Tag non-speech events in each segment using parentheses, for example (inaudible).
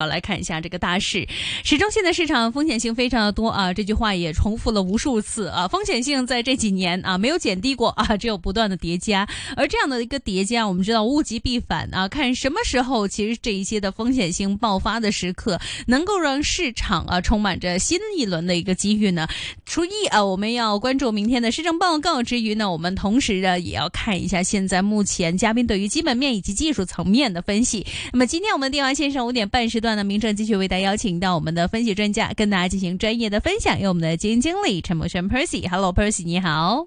好，來看一下這個大勢。始終現在市場風險性非常的多啊，這句話也重複了無數次啊，風險性在這幾年啊沒有減低過啊，只有不斷的疊加，而這樣的一個疊加，我們知道物極必反啊，看什麼時候其實這一些的風險性爆發的時刻，能夠讓市場啊充滿着新一輪的一個機遇呢？除一啊，我們要關注明天的施政報告之餘呢，我們同時呢也要看一下現在目前嘉賓對於基本面以及技術層面的分析。那麼今天我們電話線上五點半時段。那明正繼續為大家邀請到我們的分析專家，跟大家進行專業的分享。有我們的基金經理陳柏軒 p e r c y h e l l o p e r c y 你好。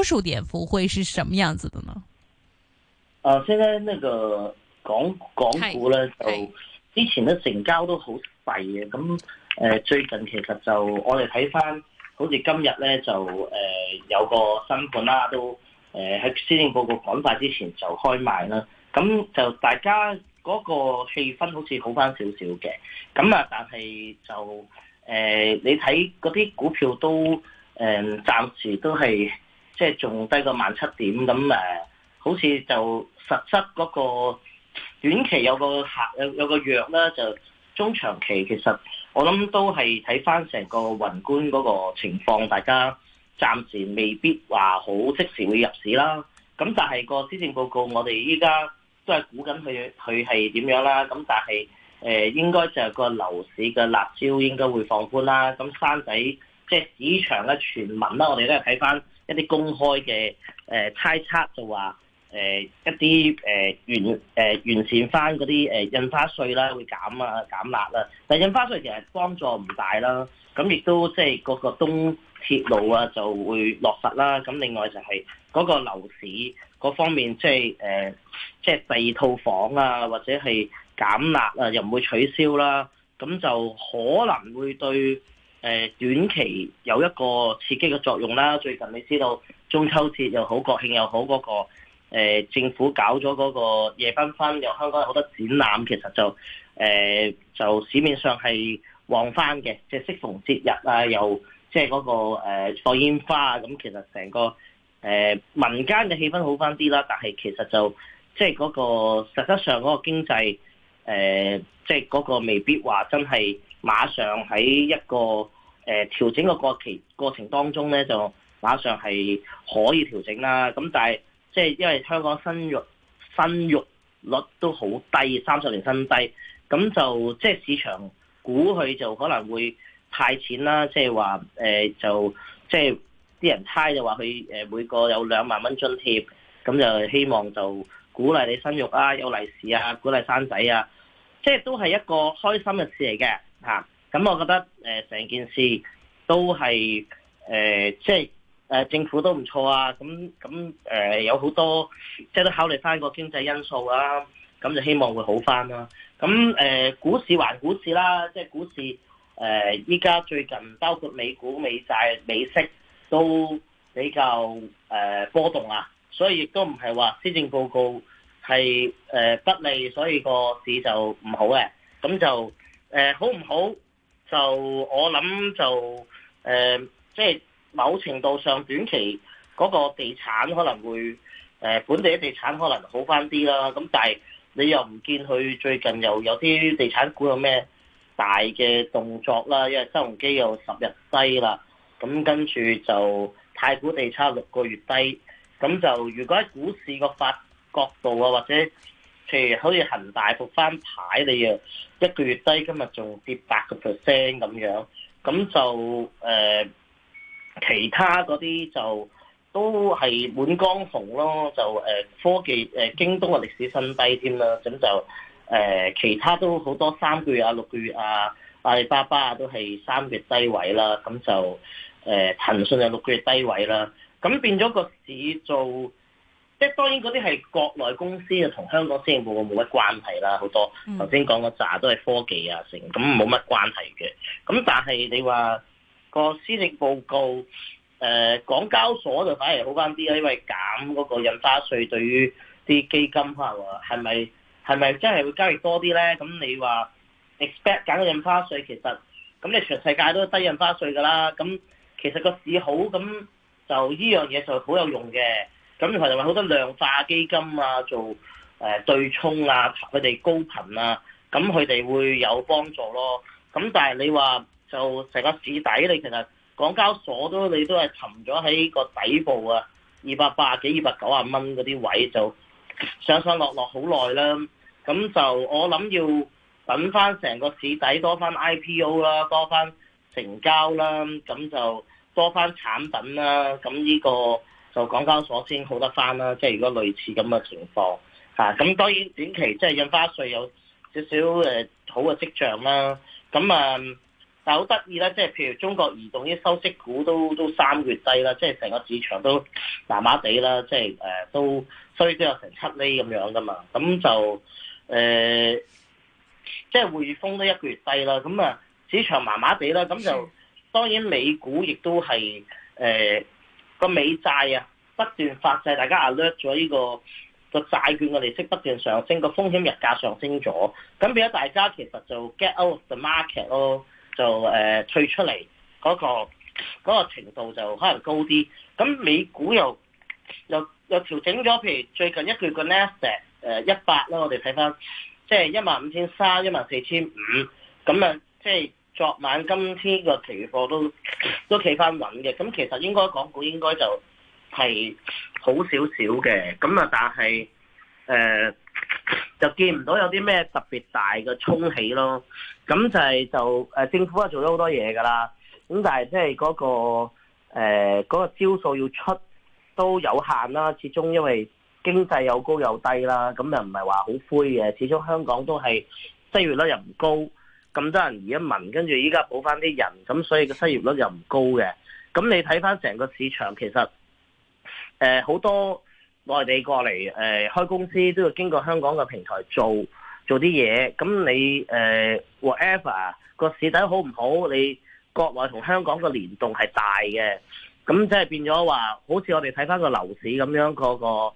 多數跌幅會是什麼樣子的呢？啊，先咧呢個港港股咧， (noise) 就之前嘅成交都好細嘅，咁誒、呃、最近其實就我哋睇翻，好似今日咧就誒、呃、有個新盤啦、啊，都誒喺施政報告講快之前就開賣啦，咁就大家嗰個氣氛好似好翻少少嘅，咁啊但係就誒、呃、你睇嗰啲股票都誒暫、呃、時都係。即係仲低過萬七點，咁誒、呃，好似就實質嗰個短期有個下有有個弱咧，就中長期其實我諗都係睇翻成個宏觀嗰個情況，大家暫時未必話好即時會入市啦。咁但係個施政報告我，我哋依家都係估緊佢佢係點樣啦。咁但係誒、呃、應該就係個樓市嘅辣招應該會放寬啦。咁山仔即係市場嘅傳聞啦，我哋都係睇翻。一啲公開嘅誒、呃、猜測就話誒、呃、一啲誒完誒完善翻嗰啲誒印花稅啦，會減啊減辣啦、啊。但係印花稅其實幫助唔大啦。咁亦都即係嗰個東鐵路啊就會落實啦。咁另外就係嗰個樓市嗰方面、就是，即係誒即係第二套房啊，或者係減辣啊，又唔會取消啦。咁就可能會對。誒短期有一個刺激嘅作用啦。最近你知道中秋節又好，國慶又好，嗰、那個、呃、政府搞咗嗰個夜繽紛，又香港好多展覽，其實就誒、呃、就市面上係旺翻嘅，即、就、係、是、適逢節日啊，又即係嗰個放、呃、煙花啊，咁其實成個誒、呃、民間嘅氣氛好翻啲啦。但係其實就即係嗰個實質上嗰個經濟。誒，即係嗰個未必話真係馬上喺一個誒、呃、調整嘅過期過程當中咧，就馬上係可以調整啦。咁但係即係因為香港生育生育率都好低，三十年新低，咁就即係、就是、市場估佢就可能會派錢啦，即係話誒就即係啲人猜就話佢誒每個有兩萬蚊津貼，咁就希望就鼓勵你生育啊，有利是啊，鼓勵生仔啊。即係都係一個開心嘅事嚟嘅嚇，咁、啊、我覺得誒成、呃、件事都係誒、呃、即係誒、呃、政府都唔錯啊，咁咁誒有好多即係都考慮翻個經濟因素啦、啊，咁就希望會好翻啦、啊。咁誒、呃、股市還股市啦，即係股市誒依家最近包括美股、美債、美息都比較誒、呃、波動啊，所以亦都唔係話施政報告，係誒、呃、不利，所以個市就唔好嘅。咁就誒、呃、好唔好？就我諗就誒、呃，即係某程度上短期嗰、那個地產可能會誒、呃、本地嘅地產可能好返啲啦。咁但係你又唔見佢最近又有啲地產股有咩大嘅動作啦？因為收容機又十日低啦。咁跟住就太古地產六個月低。咁就如果喺股市個發展角度啊，或者譬如好似恒大復翻牌，你啊一個月低，今日仲跌八個 percent 咁樣，咁就誒、呃、其他嗰啲就都係滿江紅咯，就誒、呃、科技誒、呃、京東嘅歷史新低添啦，咁就誒、呃、其他都好多三個月啊、六個月啊、阿里巴巴啊都係三個月低位啦，咁就誒、呃、騰訊啊六個月低位啦，咁變咗個市做。即係當然嗰啲係國內公司啊，同香港施政報告冇乜關係啦。好多頭先講個紮都係科技啊成，咁冇乜關係嘅。咁但係你話、嗰個施政報告，誒、呃、港交所就反而好翻啲啦，因為減嗰個印花稅對於啲基金嚇係咪係咪真係會交易多啲咧？咁你話 expect 減個印花稅，其實咁你全世界都低印花稅㗎啦。咁其實個市好咁就依樣嘢就好、這個、有用嘅。咁佢哋埋好多量化基金啊，做誒、呃、對沖啊，佢哋高頻啊，咁佢哋會有幫助咯。咁但係你話就成個市底，你其實港交所都你都係沉咗喺個底部啊，二百八啊幾、二百九啊蚊嗰啲位就上上落落好耐啦。咁就我諗要等翻成個市底多翻 IPO 啦，多翻成交啦，咁就多翻產品啦。咁呢個就港交所先好得翻啦，即係如果類似咁嘅情況吓，咁、啊、當然短期即係印花稅有少少誒、呃、好嘅跡象啦。咁啊，但好得意啦，即係譬如中國移動啲收息股都都三月低啦，即係成個市場都麻麻地啦，即係誒、呃、都有成七厘咁樣噶嘛。咁就誒、呃，即係匯豐都一個月低啦。咁啊，市場麻麻地啦。咁就、嗯、當然美股亦都係誒。呃個美債啊不斷發債，大家 alert 咗呢個個債券嘅利息不斷上升，個風險日價上升咗，咁變咗大家其實就 get out of the market 咯，就誒退出嚟嗰、嗰個嗰個程度就可能高啲。咁美股又又又調整咗，譬如最近一個月嘅 Nasdaq 一百啦，我哋睇翻，即係一萬五千三、一萬四千五咁樣，即係。昨晚、今天嘅期貨都都企翻穩嘅，咁其實應該港股應該就係好少少嘅，咁啊但係誒、呃、就見唔到有啲咩特別大嘅沖起咯，咁就係就誒、呃、政府啊做咗好多嘢噶啦，咁但係即係嗰個誒、呃那個、招數要出都有限啦，始終因為經濟有高有低啦，咁又唔係話好灰嘅，始終香港都係失業率又唔高。咁多人移民，跟住依家補翻啲人，咁所以個失業率又唔高嘅。咁你睇翻成個市場，其實誒好多內地過嚟誒開公司都要經過香港嘅平台做做啲嘢。咁你誒 whatever 個市底好唔好，你國內同香港嘅聯動係大嘅。咁即係變咗話，好似我哋睇翻個樓市咁樣，嗰個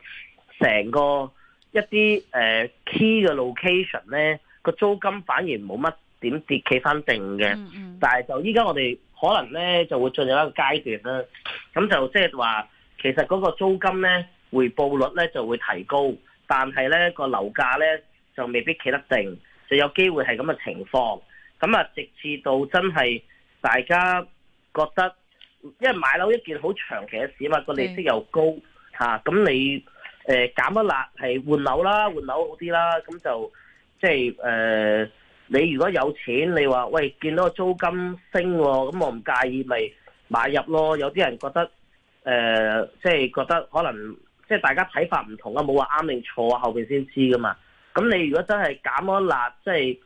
成個一啲誒 key 嘅 location 咧，個租金反而冇乜。點跌企翻定嘅，但係就依家我哋可能咧就會進入一個階段啦。咁就即係話，其實嗰個租金咧回報率咧就會提高，但係咧個樓價咧就未必企得定，就有機會係咁嘅情況。咁啊，直至到真係大家覺得，因為買樓一件好長期嘅事啊嘛，個利息又高嚇，咁你誒減一辣係換樓啦，換樓好啲啦，咁就即係誒。你如果有錢，你話喂見到個租金升，咁我唔介意咪買入咯。有啲人覺得誒，即係覺得可能即係大家睇法唔同啊，冇話啱定錯啊，後邊先知噶嘛。咁你如果真係減咗辣，即係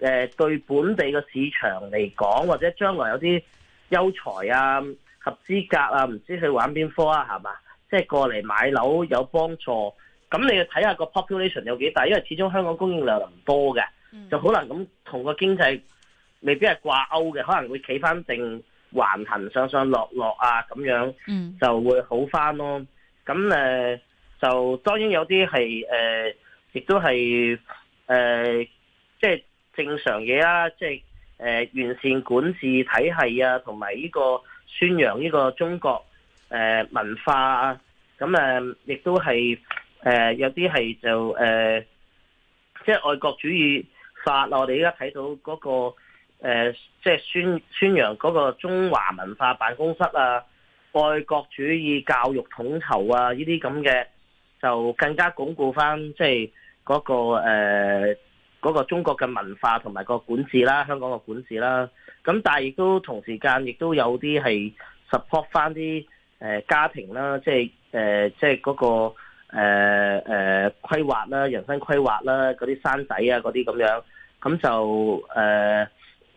誒對本地個市場嚟講，或者將來有啲優才啊、合資格啊，唔知去玩邊科啊，係嘛？即係過嚟買樓有幫助。咁你要睇下個 population 有幾大，因為始終香港供應量唔多嘅。就好難咁同個經濟未必係掛鈎嘅，可能會企翻定橫行上上落落啊咁樣，嗯、就會好翻咯。咁誒，就當然有啲係誒，亦、呃、都係誒，即、呃、係、就係、正常嘢啦。即係誒，完善管治體系啊，同埋呢個宣揚呢個中國誒、呃、文化啊。咁誒，亦、呃、都係誒、呃，有啲係就誒，即、呃、係、就係、愛國主義。法，我哋而家睇到嗰、那個即係、呃就是、宣宣揚嗰個中華文化辦公室啊，愛國主義教育統籌啊，呢啲咁嘅就更加鞏固翻、那個，即係嗰個誒中國嘅文化同埋個管治啦，香港嘅管治啦。咁但係亦都同時間亦都有啲係 support 翻啲誒家庭啦，即係誒即係嗰個。誒誒，規劃、呃呃、啦，人生規劃啦，嗰啲生仔啊，嗰啲咁樣，咁就誒、呃，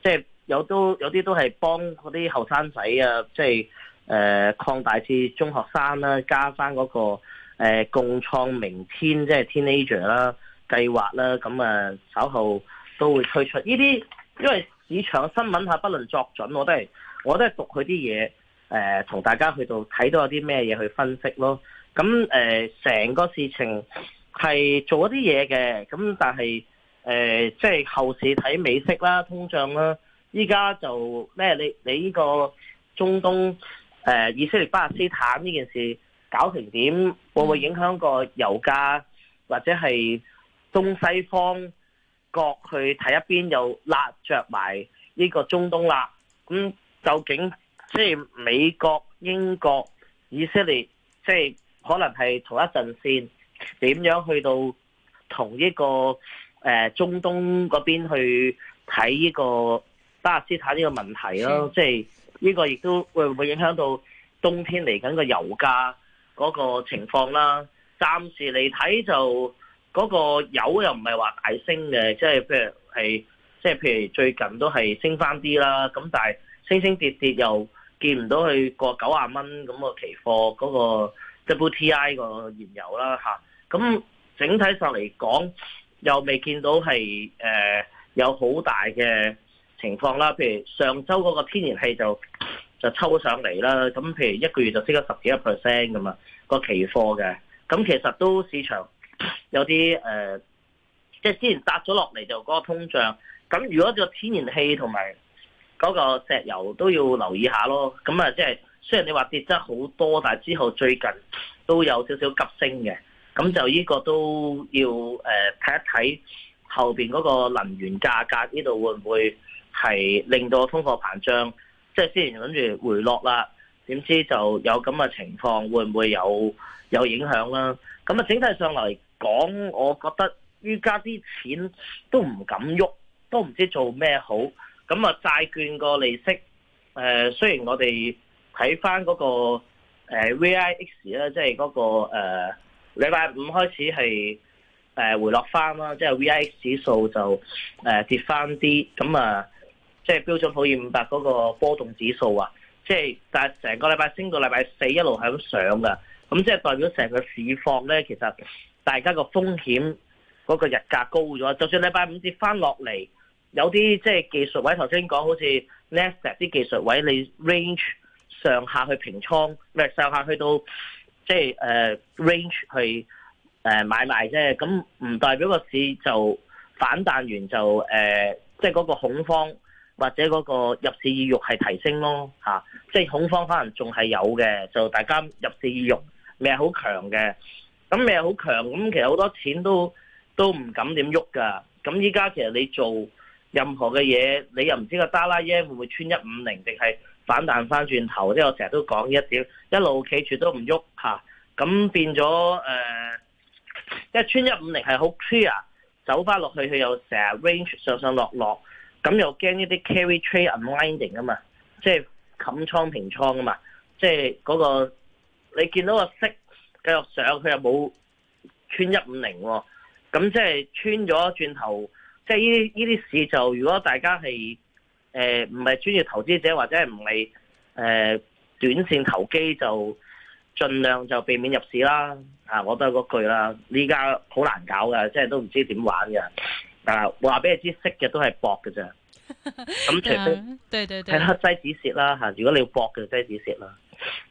即係有都有啲都係幫嗰啲後生仔啊，即係誒，擴、呃、大至中學生啦，啊，加翻嗰、那個誒、呃，共創明天，即係 Teenager 啦計劃啦，咁啊，稍後都會推出呢啲，因為市場嘅新聞吓，不能作準，我都係，我都係讀佢啲嘢，誒、呃，同大家去到睇到有啲咩嘢去分析咯。咁誒，成、呃、個事情係做咗啲嘢嘅，咁但係誒、呃，即係後市睇美息啦、通脹啦。依家就咩？你你呢個中東誒、呃，以色列巴勒斯坦呢件事搞成點？會唔會影響個油價？或者係東西方國去睇一邊又拉着埋呢個中東啦？咁究竟即係美國、英國、以色列即係？可能係同一陣線，點樣去到同呢個誒、呃、中東嗰邊去睇呢個巴勒斯坦呢個問題咯、啊？嗯、即係呢個亦都會唔會影響到冬天嚟緊個油價嗰個情況啦、啊？暫時嚟睇就嗰、那個油又唔係話大升嘅，即係譬如係即係譬如最近都係升翻啲啦，咁但係升升跌跌又見唔到佢過九啊蚊咁個期貨嗰、那個。w T I 個燃油啦吓，咁、啊、整體上嚟講又未見到係誒、呃、有好大嘅情況啦。譬如上周嗰個天然氣就就抽上嚟啦，咁譬如一個月就升咗十幾個 percent 咁啊，個期貨嘅。咁其實都市場有啲誒，即、呃、係、就是、之前跌咗落嚟就嗰個通脹。咁如果個天然氣同埋嗰個石油都要留意下咯。咁啊、就是，即係。雖然你話跌得好多，但係之後最近都有少少急升嘅，咁就呢個都要誒、呃、睇一睇後邊嗰個能源價格呢度會唔會係令到通貨膨脹，即係先前諗住回落啦，點知就有咁嘅情況，會唔會有有影響啦？咁啊，整體上嚟講，我覺得依家啲錢都唔敢喐，都唔知做咩好。咁啊，債券個利息誒、呃，雖然我哋睇翻嗰個 VIX 啦、那個，即係嗰個誒禮拜五開始係誒回落翻啦，即係 VIX 指數就誒、呃、跌翻啲，咁啊即係標準普爾五百嗰個波動指數啊，即係但係成個禮拜升到禮拜四一路喺度上㗎，咁即係代表成個市況咧，其實大家個風險嗰個日價高咗，就算禮拜五跌翻落嚟，有啲即係技術位頭先講，好似 Nasdaq 啲技術位你 range。上下去平倉，咪上下去到即係誒、uh, range 去誒、uh, 買賣啫。咁唔代表個市就反彈完就誒，uh, 即係嗰個恐慌或者嗰個入市意欲係提升咯嚇、啊。即係恐慌可能仲係有嘅，就大家入市意欲未係好強嘅。咁未係好強，咁其實好多錢都都唔敢點喐噶。咁依家其實你做任何嘅嘢，你又唔知個打啦耶會唔會穿一五零定係？反彈翻轉頭，即係我成日都講一點，一路企住都唔喐嚇，咁、啊、變咗誒，一、呃、穿一五零係好 clear，走翻落去佢又成日 range 上上落落，咁又驚呢啲 carry trade unwinding 啊嘛，即係冚倉平倉啊嘛，即係嗰、嗰個你見到個息繼續上，佢又冇穿一五零喎，咁即係穿咗轉頭，即係呢啲呢啲事就如果大家係。誒，唔係專業投資者或者係唔係誒短綫投機就盡量就避免入市啦。啊，我都係嗰句啦，依家好難搞噶，即係都唔知點玩嘅。啊，話俾你知，識嘅都係搏嘅咋。咁、 (laughs) 啊、除非係黑仔止蝕啦吓，如果你要搏嘅，仔止蝕啦。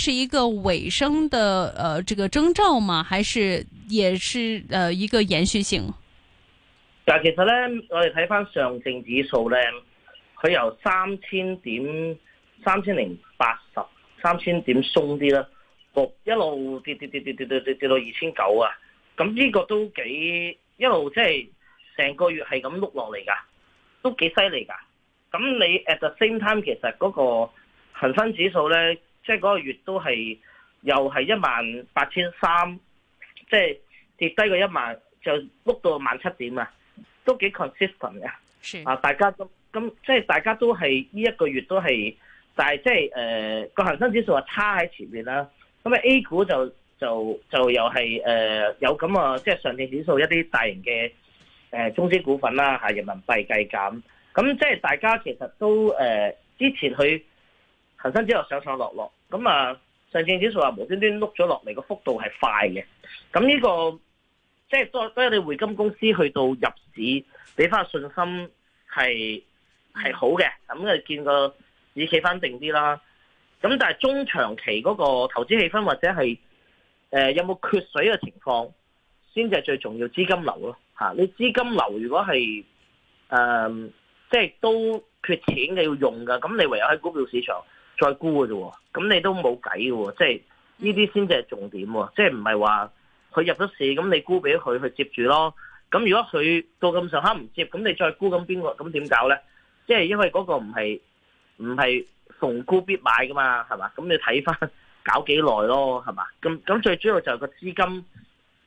是一個尾聲的，誒、呃，這個徵兆嘛，還是也是，誒、呃，一個延續性。但其實咧，我哋睇翻上證指數咧，佢由三千點、三千零八十、三千點鬆啲啦，一路跌跌跌跌跌跌跌跌到二千九啊，咁、嗯、呢、這個都幾一路即係成個月係咁碌落嚟噶，都幾犀利噶。咁、嗯、你 at the same time，其實嗰個恒生指數咧。即係嗰個月都係，又係一萬八千三，即係跌低個一萬就碌到萬七點啊，都幾 consistent 嘅。是啊，大家都咁、嗯，即係大家都係呢一個月都係，但係即係誒個恒生指數啊差喺前面啦。咁啊，A 股就就就又係誒、呃、有咁啊，即係上證指數一啲大型嘅誒、呃、中資股份啦，係人民幣計減。咁、嗯、即係大家其實都誒、呃、之前去恒生指數上上落落。咁啊，上證指數啊，無端端碌咗落嚟嘅幅度係快嘅。咁呢、這個即係、就是、多多啲匯金公司去到入市，俾翻信心係係好嘅。咁啊，見個市企翻定啲啦。咁但係中長期嗰個投資氣氛或者係誒、呃、有冇缺水嘅情況，先至係最重要資金流咯嚇、啊。你資金流如果係誒即係都缺錢嘅要用噶，咁你唯有喺股票市場，再沽嘅啫，咁你都冇計嘅，即係呢啲先至係重點喎，即係唔係話佢入咗市，咁你沽俾佢佢接住咯。咁如果佢到咁上下唔接，咁你再沽，咁邊個咁點搞咧？即係因為嗰個唔係唔係逢沽必買㗎嘛，係嘛？咁你睇翻搞幾耐咯，係嘛？咁咁最主要就係個資金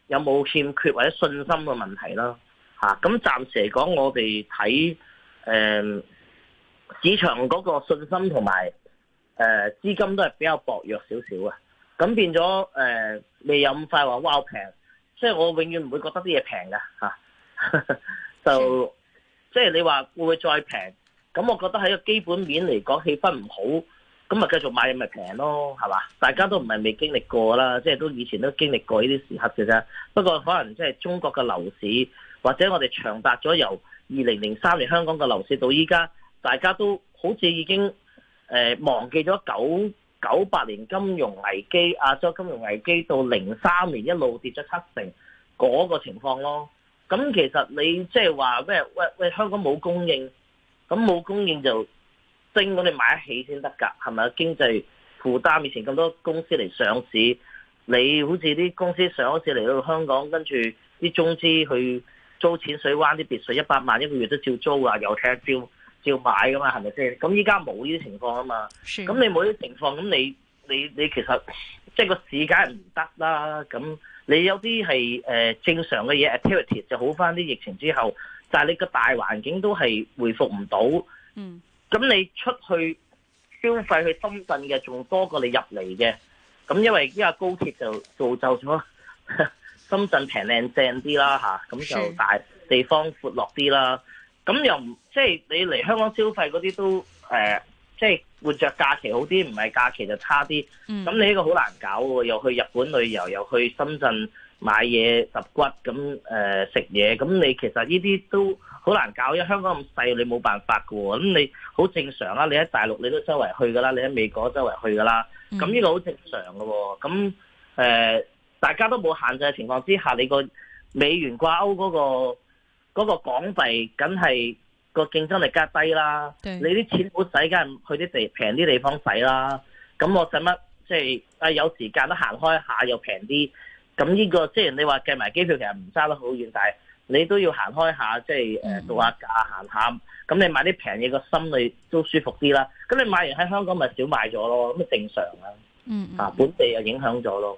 有冇欠缺或者信心嘅問題咯，嚇。咁暫時嚟講，我哋睇誒市場嗰個信心同埋。誒，資金都係比較薄弱少少啊，咁變咗誒，未、呃、有咁快話哇平，即係我永遠唔會覺得啲嘢平噶吓，啊、 (laughs) 就即係你話會唔會再平？咁我覺得喺個基本面嚟講氣氛唔好，咁咪繼續買咪平咯，係嘛？大家都唔係未經歷過啦，即係都以前都經歷過呢啲時刻嘅啫。不過可能即係中國嘅樓市，或者我哋長達咗由二零零三年香港嘅樓市到依家，大家都好似已經。誒、呃，忘記咗九九八年金融危機、亞洲金融危機到零三年一路跌咗七成嗰、那個情況咯。咁、嗯、其實你即係話咩？喂喂，香港冇供應，咁、嗯、冇供應就升到你買得起先得噶，係咪啊？經濟負擔，以前咁多公司嚟上市，你好似啲公司上一次嚟到香港，跟住啲中資去租淺水灣啲別墅一百萬一個月都照租啊，又聽一招。照買噶嘛，係咪先？咁依家冇呢啲情況啊嘛，咁的你冇呢啲情況，咁你你你其實即係、就是、個市梗係唔得啦。咁你有啲係誒正常嘅嘢 activity 就好翻啲疫情之後，但係你個大環境都係回復唔到。嗯，咁你出去消費去深圳嘅仲多過你入嚟嘅，咁因為依家高鐵就造就咗深圳平靚正啲啦吓，咁就大的地方闊落啲啦，咁又唔～即係你嚟香港消費嗰啲都誒、呃，即係活着假期好啲，唔係假期就差啲。咁、嗯、你呢個好難搞喎，又去日本旅遊，又去深圳買嘢揼骨，咁誒食嘢。咁你其實呢啲都好難搞，因為香港咁細，你冇辦法噶。咁你好正常啦，你喺大陸你都周圍去噶啦，你喺美國周圍去噶啦。咁呢、嗯、個好正常噶喎。咁誒、呃，大家都冇限制嘅情況之下，你個美元掛鈎嗰個嗰個港幣，梗係。個競爭力加低啦，對你啲錢好使，梗係去啲地平啲地方使啦。咁我使乜即係啊？即係、有時間都行開下又平啲，咁呢個即係你話計埋機票，其實唔差得好遠，但係你都要行開下，即係誒做下假行下。咁你買啲平嘢個心裏都舒服啲啦。咁你買完喺香港咪少買咗咯，咁咪正常啊。嗯嗯。本地又影響咗咯。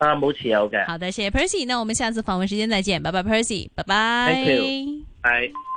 啊，冇持有嘅。好的，謝謝 Percy，那我們下次訪問時間再見，拜拜，Percy，拜拜。Thank you.